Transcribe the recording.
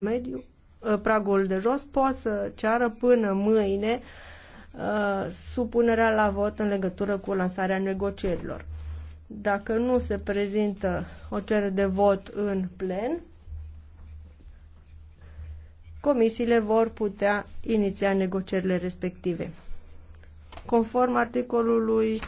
mediu, ă, pragul de jos, pot să ceară până mâine ă, supunerea la vot în legătură cu lansarea negocierilor. Dacă nu se prezintă o cerere de vot în plen, comisiile vor putea iniția negocierile respective. Conform articolului